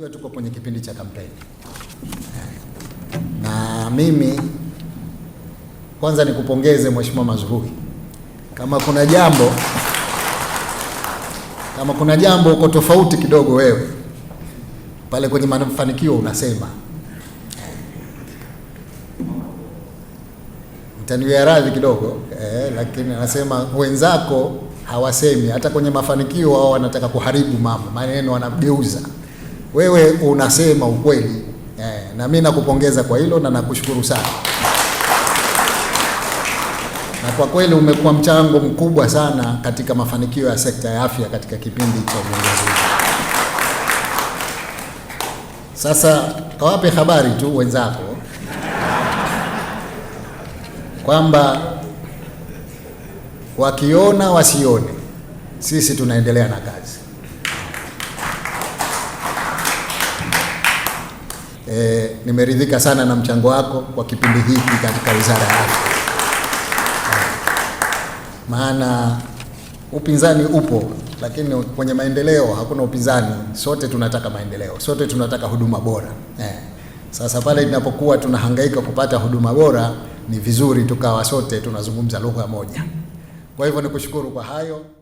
Najua tuko kwenye kipindi cha kampeni, na mimi kwanza nikupongeze Mheshimiwa Mazrui, kama kuna jambo kama kuna jambo uko tofauti kidogo wewe pale kwenye mafanikio unasema. Mtaniwia radhi kidogo eh, lakini anasema wenzako hawasemi hata kwenye mafanikio, wao wanataka kuharibu mambo, maneno wanageuza wewe unasema ukweli eh, na mimi nakupongeza kwa hilo na nakushukuru sana na kwa kweli umekuwa mchango mkubwa sana katika mafanikio ya sekta ya afya katika kipindi cha uongozi. Sasa kawape habari tu wenzako kwamba wakiona wasione, sisi tunaendelea na kazi. e, nimeridhika sana na mchango wako kwa kipindi hiki katika wizara ya afya, maana upinzani upo, lakini kwenye maendeleo hakuna upinzani. Sote tunataka maendeleo, sote tunataka huduma bora e. Sasa pale tunapokuwa tunahangaika kupata huduma bora, ni vizuri tukawa sote tunazungumza lugha moja. Kwa hivyo nikushukuru kwa hayo.